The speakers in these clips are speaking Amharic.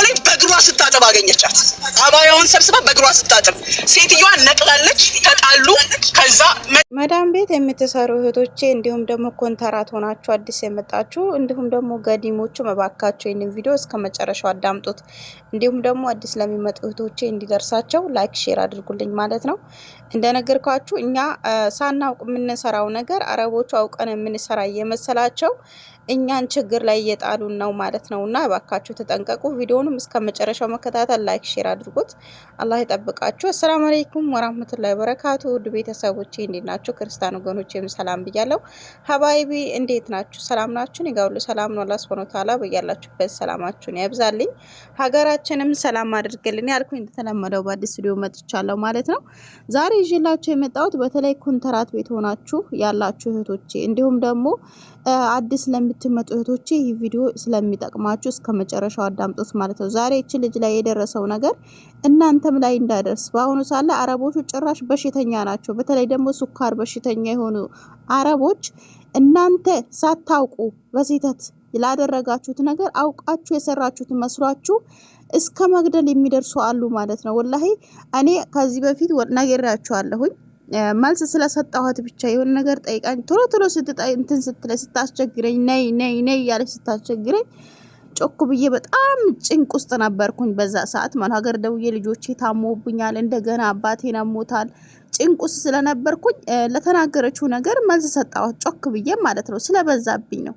ሴትየው ላይ በእግሯ ስታጥብ አገኘቻት። አባያውን ሰብስባ በእግሯ ስታጥብ ሴትየዋ ነቅላለች፣ ተጣሉ። ከዛ መዳም ቤት የምትሰሩ እህቶቼ እንዲሁም ደግሞ ኮንተራት ሆናችሁ አዲስ የመጣችሁ እንዲሁም ደግሞ ገዲሞቹ መባካቸው ይህንን ቪዲዮ እስከ መጨረሻው አዳምጡት። እንዲሁም ደግሞ አዲስ ለሚመጡ እህቶቼ እንዲደርሳቸው ላይክ፣ ሼር አድርጉልኝ ማለት ነው። እንደነገርኳችሁ እኛ ሳናውቅ የምንሰራው ነገር አረቦቹ አውቀን የምንሰራ እየመሰላቸው እኛን ችግር ላይ እየጣሉን ነው ማለት ነው። እና እባካችሁ ተጠንቀቁ። ቪዲዮውንም እስከ መጨረሻው መከታተል፣ ላይክ፣ ሼር አድርጉት። አላህ ይጠብቃችሁ። አሰላሙ አለይኩም ወራህመቱላሂ ወበረካቱ። ውድ ቤተሰቦቼ እንዴት ናችሁ? ክርስቲያን ወገኖቼም ሰላም ብያለሁ። ሀባይቢ እንዴት ናችሁ? ሰላም ናችሁ? እኔ ጋር ሁሉ ሰላም ነው። አላህ ሱብሃነሁ ወተዓላ በያላችሁበት ሰላማችሁን ያብዛልኝ፣ ሀገራችንም ሰላም አድርግልኝ ያልኩኝ እንደተለመደው በአዲስ ቪዲዮ መጥቻለሁ ማለት ነው። ዛሬ ይዤላችሁ የመጣሁት በተለይ ኮንትራት ቤት ሆናችሁ ያላችሁ እህቶቼ እንዲሁም ደግሞ አዲስ ለሚ የምትመጡ እህቶቼ ይህ ቪዲዮ ስለሚጠቅማችሁ እስከ መጨረሻው አዳምጡት ማለት ነው። ዛሬ እቺ ልጅ ላይ የደረሰው ነገር እናንተም ላይ እንዳደርስ። በአሁኑ ሳለ አረቦቹ ጭራሽ በሽተኛ ናቸው። በተለይ ደግሞ ሱካር በሽተኛ የሆኑ አረቦች እናንተ ሳታውቁ በስህተት ላደረጋችሁት ነገር አውቃችሁ የሰራችሁት መስሏችሁ እስከ መግደል የሚደርሱ አሉ ማለት ነው። ወላሂ እኔ ከዚህ በፊት ነገራችኋለሁኝ። መልስ ስለሰጠኋት ብቻ የሆነ ነገር ጠይቃኝ ቶሎ ቶሎ እንትን ስትለ ስታስቸግረኝ ነይ ነይ ነይ ያለች ስታስቸግረኝ ጮክ ብዬ በጣም ጭንቅ ውስጥ ነበርኩኝ በዛ ሰዓት ማለት ሀገር ደውዬ ልጆቼ ታሞብኛል፣ እንደገና አባቴ ነሞታል ጭንቅ ውስጥ ስለነበርኩኝ ለተናገረችው ነገር መልስ ሰጠኋት ጮክ ብዬ ማለት ነው። ስለበዛብኝ ነው።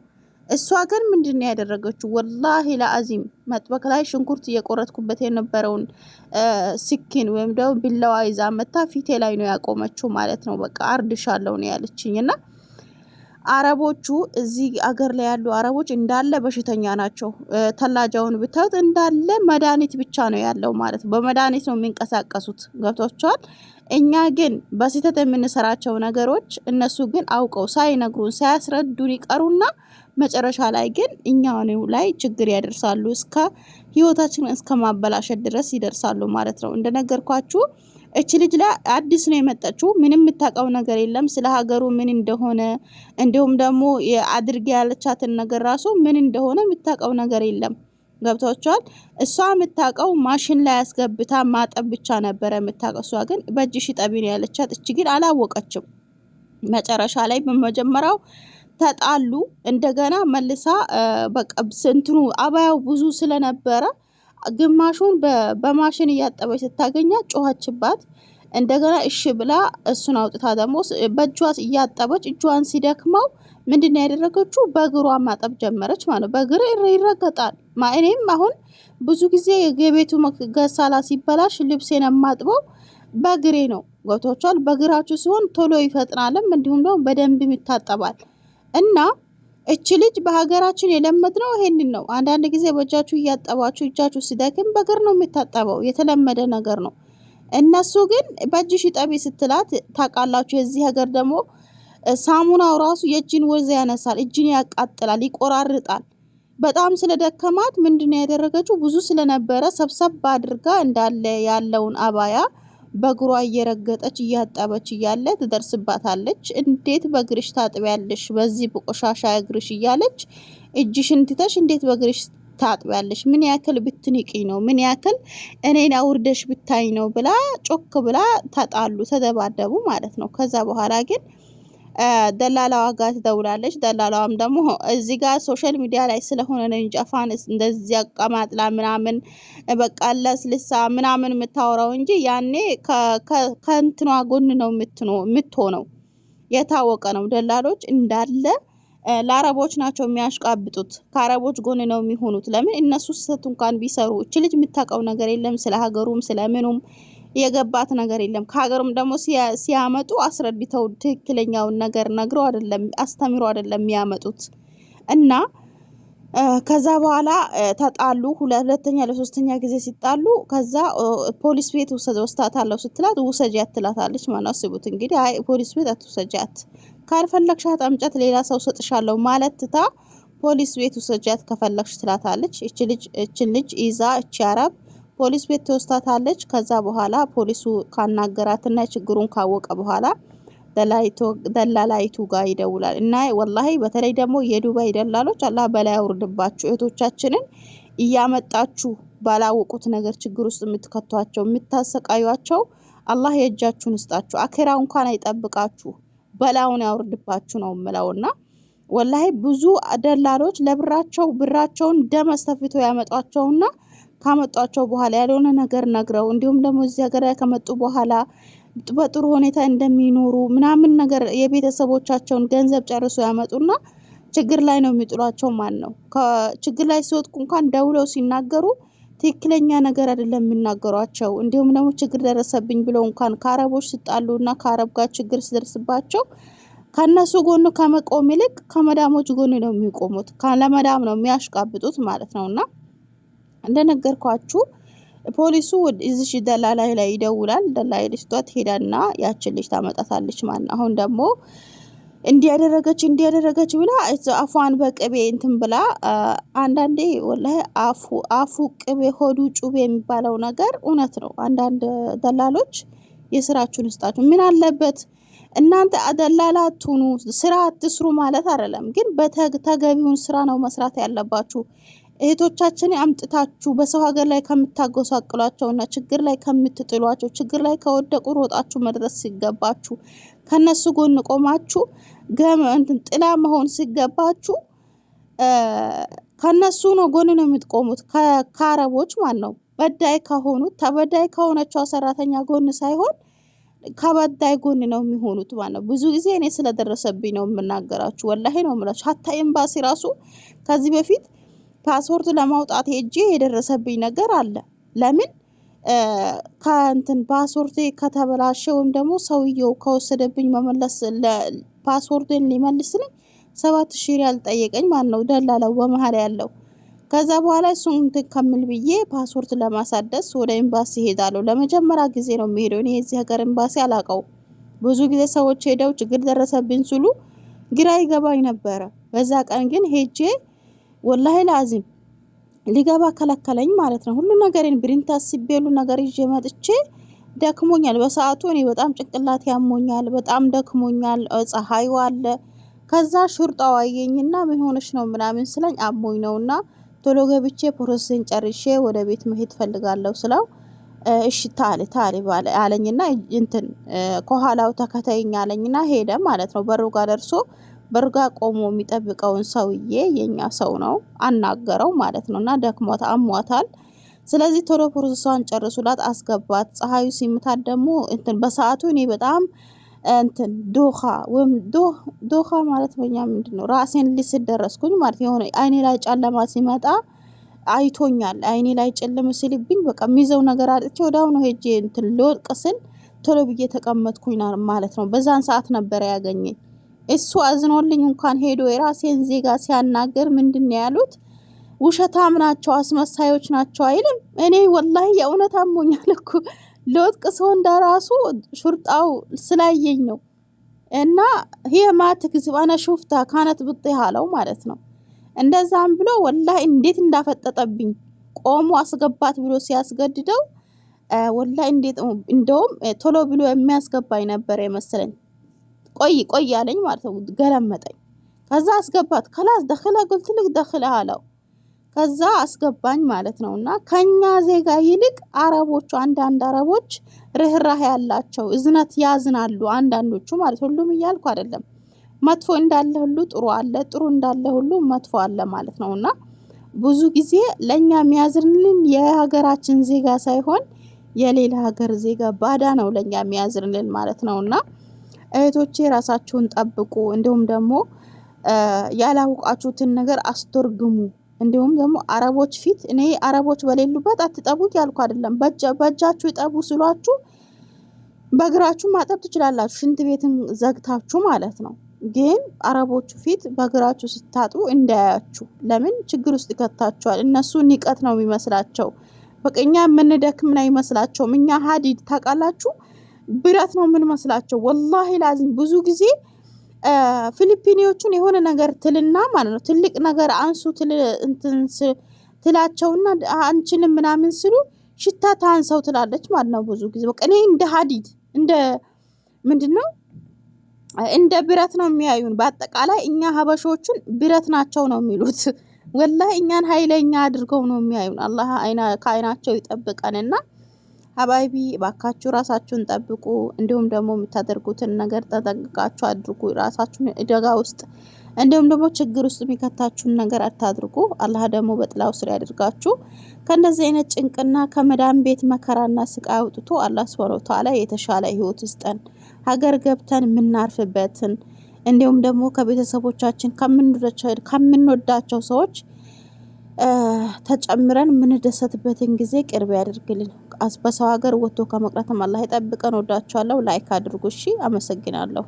እሷ ግን ምንድን ነው ያደረገችው? ወላሂ ለአዚም መጥበቅ ላይ ሽንኩርት እየቆረጥኩበት የነበረውን ስኪን ወይም ደግሞ ቢላዋ ይዛ መታ ፊቴ ላይ ነው ያቆመችው ማለት ነው። በቃ አርድሻለሁ ነው ያለችኝ። እና አረቦቹ እዚህ አገር ላይ ያሉ አረቦች እንዳለ በሽተኛ ናቸው። ተላጃውን ብታዩት እንዳለ መድኃኒት ብቻ ነው ያለው ማለት ነው። በመድኃኒት ነው የሚንቀሳቀሱት። ገብቷቸዋል። እኛ ግን በስህተት የምንሰራቸው ነገሮች እነሱ ግን አውቀው ሳይነግሩን ሳያስረዱን ይቀሩና መጨረሻ ላይ ግን እኛው ላይ ችግር ያደርሳሉ። እስከ ህይወታችን እስከ ማበላሸት ድረስ ይደርሳሉ ማለት ነው። እንደነገርኳችሁ እች ልጅ ላይ አዲስ ነው የመጣችው። ምንም የምታውቀው ነገር የለም ስለ ሀገሩ ምን እንደሆነ፣ እንዲሁም ደግሞ አድርጌ ያለቻትን ነገር ራሱ ምን እንደሆነ የምታውቀው ነገር የለም። ገብቷቸዋል። እሷ የምታውቀው ማሽን ላይ ያስገብታ ማጠብ ብቻ ነበረ የምታውቀው። እሷ ግን በእጅ ሽጠቢ ነው ያለቻት። እች ግን አላወቀችም። መጨረሻ ላይ በመጀመሪያው ተጣሉ። እንደገና መልሳ በቃ ስንትኑ አባያው ብዙ ስለነበረ ግማሹን በማሽን እያጠበች ስታገኛት ጮኸችባት። እንደገና እሺ ብላ እሱን አውጥታ ደግሞ በእጇ እያጠበች እጇን ሲደክመው ምንድን ያደረገችው በእግሯ ማጠብ ጀመረች ማለት ነው። በእግር ይረገጣል። እኔም አሁን ብዙ ጊዜ የቤቱ ገሳላ ሲበላሽ ልብሴን የማጥበው በእግሬ ነው። ገብቶቿል። በእግራችሁ ሲሆን ቶሎ ይፈጥናልም፣ እንዲሁም ደግሞ በደንብም ይታጠባል። እና እች ልጅ በሀገራችን የለመድነው ይሄንን ነው። አንዳንድ ጊዜ በእጃችሁ እያጠባችሁ እጃችሁ ሲደክም በእግር ነው የሚታጠበው፣ የተለመደ ነገር ነው። እነሱ ግን በእጅሽ ጠቢ ስትላት ታውቃላችሁ። የዚህ ሀገር ደግሞ ሳሙናው ራሱ የእጅን ወዝ ያነሳል፣ እጅን ያቃጥላል፣ ይቆራርጣል። በጣም ስለደከማት ምንድነው ያደረገችው? ብዙ ስለነበረ ሰብሰብ አድርጋ እንዳለ ያለውን አባያ በእግሯ እየረገጠች እያጠበች እያለ ትደርስባታለች። እንዴት በእግርሽ ታጥቢያለሽ? በዚህ በቆሻሻ እግርሽ እያለች እጅሽን ትተሽ እንዴት በእግርሽ ታጥቢያለሽ? ምን ያክል ብትንቂ ነው? ምን ያክል እኔን አውርደሽ ብታይ ነው? ብላ ጮክ ብላ ተጣሉ፣ ተደባደቡ ማለት ነው። ከዛ በኋላ ግን ደላላዋ ጋር ትደውላለች። ደላላዋም ደግሞ እዚህ ጋር ሶሻል ሚዲያ ላይ ስለሆነ ነው እንጂ አፋን እንደዚህ አቀማጥላ ምናምን በቃ ለስልሳ ምናምን የምታወራው እንጂ ያኔ ከእንትኗ ጎን ነው የምትሆነው። የታወቀ ነው። ደላሎች እንዳለ ለአረቦች ናቸው የሚያሽቃብጡት። ከአረቦች ጎን ነው የሚሆኑት። ለምን እነሱ ስህተት እንኳን ቢሰሩ እች ልጅ የምታውቀው ነገር የለም ስለ ሀገሩም ስለምኑም የገባት ነገር የለም። ከሀገሩም ደግሞ ሲያመጡ አስረድተው ትክክለኛውን ነገር ነግረው አይደለም አስተምሮ አይደለም የሚያመጡት እና ከዛ በኋላ ተጣሉ። ሁለተኛ ለሶስተኛ ጊዜ ሲጣሉ ከዛ ፖሊስ ቤት ወስዳታለሁ ስትላት ውሰጃት ትላታለች። ማነው አስቡት እንግዲህ። አይ ፖሊስ ቤት አትውሰጃት፣ ካልፈለግሻት አምጫት ሌላ ሰው ሰጥሻለሁ ማለት ትታ ፖሊስ ቤት ውሰጃት ከፈለግሽ ትላታለች። እች ልጅ ይዛ እቺ አረብ ፖሊስ ቤት ተወስታታለች። ከዛ በኋላ ፖሊሱ ካናገራትና ችግሩን ካወቀ በኋላ ደላላይቱ ጋር ይደውላል እና ወላሂ በተለይ ደግሞ የዱባይ ደላሎች አላህ በላይ አውርድባችሁ እህቶቻችንን እያመጣችሁ ባላወቁት ነገር ችግር ውስጥ የምትከቷቸው የምታሰቃዩቸው አላህ የእጃችሁን ይስጣችሁ፣ አኬራ እንኳን አይጠብቃችሁ፣ በላውን ያውርድባችሁ ነው የምለውና ወላሂ ብዙ ደላሎች ለብራቸው ብራቸውን ደም አስተፍቶ ያመጧቸውና ካመጧቸው በኋላ ያልሆነ ነገር ነግረው እንዲሁም ደግሞ እዚህ ሀገር ላይ ከመጡ በኋላ በጥሩ ሁኔታ እንደሚኖሩ ምናምን ነገር የቤተሰቦቻቸውን ገንዘብ ጨርሶ ያመጡና ችግር ላይ ነው የሚጥሏቸው። ማን ነው ከችግር ላይ ሲወጥቁ እንኳን ደውለው ሲናገሩ ትክክለኛ ነገር አይደለም የሚናገሯቸው። እንዲሁም ደግሞ ችግር ደረሰብኝ ብለው እንኳን ከአረቦች ስጣሉ እና ከአረብ ጋር ችግር ሲደርስባቸው ከእነሱ ጎኑ ከመቆም ይልቅ ከመዳሞች ጎን ነው የሚቆሙት። ለመዳም ነው የሚያሽቃብጡት ማለት ነው እና እንደነገርኳችሁ ፖሊሱ እዚሽ ደላላይ ላይ ይደውላል። ደላላይ ልጅቷ ትሄዳና ያችን ልጅ ታመጣታለች ማለት ነው። አሁን ደግሞ እንዲያደረገች እንዲያደረገች ብላ አፏን በቅቤ እንትን ብላ አንዳንዴ ወላሂ አፉ አፉ ቅቤ ሆዱ ጩቤ የሚባለው ነገር እውነት ነው። አንዳንድ ደላሎች የስራችሁን ስጣችሁ ምን አለበት እናንተ አደላላ አትሁኑ፣ ስራ አትስሩ ማለት አይደለም፣ ግን በተገቢውን ስራ ነው መስራት ያለባችሁ። እህቶቻችን አምጥታችሁ በሰው ሀገር ላይ ከምታጎሳቅሏቸውና ችግር ላይ ከምትጥሏቸው ችግር ላይ ከወደቁ ሮጣችሁ መድረስ ሲገባችሁ ከነሱ ጎን ቆማችሁ ጥላ መሆን ሲገባችሁ ከነሱ ነው ጎን ነው የምትቆሙት። ከአረቦች ማን ነው በዳይ ከሆኑት ተበዳይ ከሆነችው ሰራተኛ ጎን ሳይሆን ከበዳይ ጎን ነው የሚሆኑት ማለት ነው። ብዙ ጊዜ እኔ ስለደረሰብኝ ነው የምናገራችሁ። ወላሄ ነው የምላችሁ። ሀታ ኤምባሲ ራሱ ከዚህ በፊት ፓስፖርት ለማውጣት ሄጄ የደረሰብኝ ነገር አለ። ለምን ከእንትን ፓስፖርቴ ከተበላሸ ወይም ደግሞ ሰውየው ከወሰደብኝ መመለስ ፓስፖርቴን ሊመልስልኝ ሰባት ሺ ሪያል ጠየቀኝ። ማን ነው ደላላው በመሀል ያለው። ከዛ በኋላ እሱን እንትን ከምል ብዬ ፓስፖርት ለማሳደስ ወደ ኤምባሲ ሄዳለሁ። ለመጀመሪያ ጊዜ ነው የሚሄደው። እኔ የዚህ ሀገር ኤምባሲ አላውቀውም። ብዙ ጊዜ ሰዎች ሄደው ችግር ደረሰብኝ ስሉ ግራ ይገባኝ ነበረ። በዛ ቀን ግን ሄጄ ወላሂ ላዚም ሊገባ ከለከለኝ ማለት ነው። ሁሉ ነገሬን ብሪንታ አስቤ ሁሉ ነገር ይዤ መጥቼ ደክሞኛል። በሰዓቱ እኔ በጣም ጭንቅላት ያሞኛል፣ በጣም ደክሞኛል። ፀሐዩ አለ። ከዛ ሹርጣው አየኝና ምን ሆነሽ ነው ምናምን ስለኝ አሞኝ ነውና ቶሎ ገብቼ ፕሮሰስን ጨርሼ ወደ ቤት መሄድ ፈልጋለሁ ስለው እሺ ታል ታል አለኝና እንትን ከኋላው ተከተይኝ አለኝና ሄደ ማለት ነው። በሩ ጋር ደርሶ በርጋ ቆሞ የሚጠብቀውን ሰውዬ የኛ ሰው ነው አናገረው ማለት ነው። እና ደክሞት አሟታል። ስለዚህ ቶሎ ፕሮሰሷን ጨርሱላት አስገባት። ፀሐዩ ሲምታት ደግሞ እንትን በሰዓቱ እኔ በጣም እንትን ዶኻ ወይም ዶኻ ማለት በኛ ምንድን ነው ራሴን ልስት ደረስኩኝ ማለት የሆነ አይኔ ላይ ጨለማ ሲመጣ አይቶኛል። አይኔ ላይ ጨለም ሲልብኝ በቃ የሚይዘው ነገር አጥቼ ወደ አሁኑ ሄጄ እንትን ልወድቅ ስል ቶሎ ብዬ ተቀመጥኩኝ ማለት ነው። በዛን ሰዓት ነበረ ያገኘኝ። እሱ አዝኖልኝ እንኳን ሄዶ የራሴን ዜጋ ሲያናገር ምንድን ያሉት? ውሸታም ናቸው፣ አስመሳዮች ናቸው አይልም። እኔ ወላሂ የእውነት አሞኛል እኮ ለወጥቅ ሰው እንደራሱ ሹርጣው ስላየኝ ነው። እና ይህ ማትክዝብ አነ ሹፍታ ካነት ብጥ ያለው ማለት ነው። እንደዛም ብሎ ወላሂ እንዴት እንዳፈጠጠብኝ ቆሞ አስገባት ብሎ ሲያስገድደው ወላሂ እንዴት እንደውም ቶሎ ብሎ የሚያስገባኝ ነበር የመሰለኝ ቆይ ቆይ ያለኝ ማለት ነው። ገለመጠኝ። ከዛ አስገባት። ከላስ ደክለ ግልትልቅ ደክለ አለው። ከዛ አስገባኝ ማለት ነው። እና ከኛ ዜጋ ይልቅ አረቦቹ አንዳንድ አረቦች ርህራህ ያላቸው እዝነት ያዝናሉ፣ አንዳንዶቹ ማለት ሁሉም እያልኩ አይደለም። መጥፎ እንዳለ ሁሉ ጥሩ አለ፣ ጥሩ እንዳለ ሁሉ መጥፎ አለ ማለት ነው። እና ብዙ ጊዜ ለእኛ የሚያዝንልን የሀገራችን ዜጋ ሳይሆን የሌላ ሀገር ዜጋ ባዳ ነው ለእኛ የሚያዝንልን ማለት ነው እና እህቶቼ ራሳችሁን ጠብቁ፣ እንዲሁም ደግሞ ያላውቃችሁትን ነገር አስተርግሙ። እንዲሁም ደግሞ አረቦች ፊት እኔ አረቦች በሌሉበት አትጠቡ ያልኩ አይደለም። በእጃችሁ ይጠቡ ስሏችሁ በእግራችሁ ማጠብ ትችላላችሁ፣ ሽንት ቤትን ዘግታችሁ ማለት ነው። ግን አረቦቹ ፊት በእግራችሁ ስታጡ እንዳያችሁ። ለምን ችግር ውስጥ ይከታችኋል። እነሱ ንቀት ነው የሚመስላቸው። በቀኛ የምንደክምን አይመስላቸውም። እኛ ሀዲድ ታውቃላችሁ ብረት ነው የምንመስላቸው። ወላሂ ላዚም ብዙ ጊዜ ፊሊፒኒዎቹን የሆነ ነገር ትልና ማለት ነው ትልቅ ነገር አንሱ ትላቸውና አንችንም ምናምን ስሉ ሽታ ታንሰው ትላለች ማለት ነው። ብዙ ጊዜ በቃ እኔ እንደ ሀዲድ እንደ ምንድን ነው እንደ ብረት ነው የሚያዩን። በአጠቃላይ እኛ ሀበሾቹን ብረት ናቸው ነው የሚሉት። ወላሂ እኛን ሀይለኛ አድርገው ነው የሚያዩን። አላህ ከአይናቸው ይጠብቀንና ሀባይቢ ባካችሁ ራሳችሁን ጠብቁ። እንዲሁም ደግሞ የምታደርጉትን ነገር ተጠንቅቃችሁ አድርጉ። ራሳችሁን እደጋ ውስጥ እንዲሁም ደግሞ ችግር ውስጥ የሚከታችሁን ነገር አታድርጉ። አላህ ደግሞ በጥላው ስር ያድርጋችሁ። ከእንደዚህ አይነት ጭንቅና ከመዳን ቤት መከራና ስቃይ አውጥቶ አላህ ሱብሃነሁ ወተዓላ የተሻለ ህይወት ይስጠን። ሀገር ገብተን የምናርፍበትን እንዲሁም ደግሞ ከቤተሰቦቻችን ከምንወዳቸው ሰዎች ተጨምረን የምንደሰትበትን ጊዜ ቅርብ ያደርግልን። በሰው ሀገር ወጥቶ ከመቅረትም አላህ ይጠብቀን። ወዳችኋለሁ። ላይክ አድርጉ። እሺ፣ አመሰግናለሁ።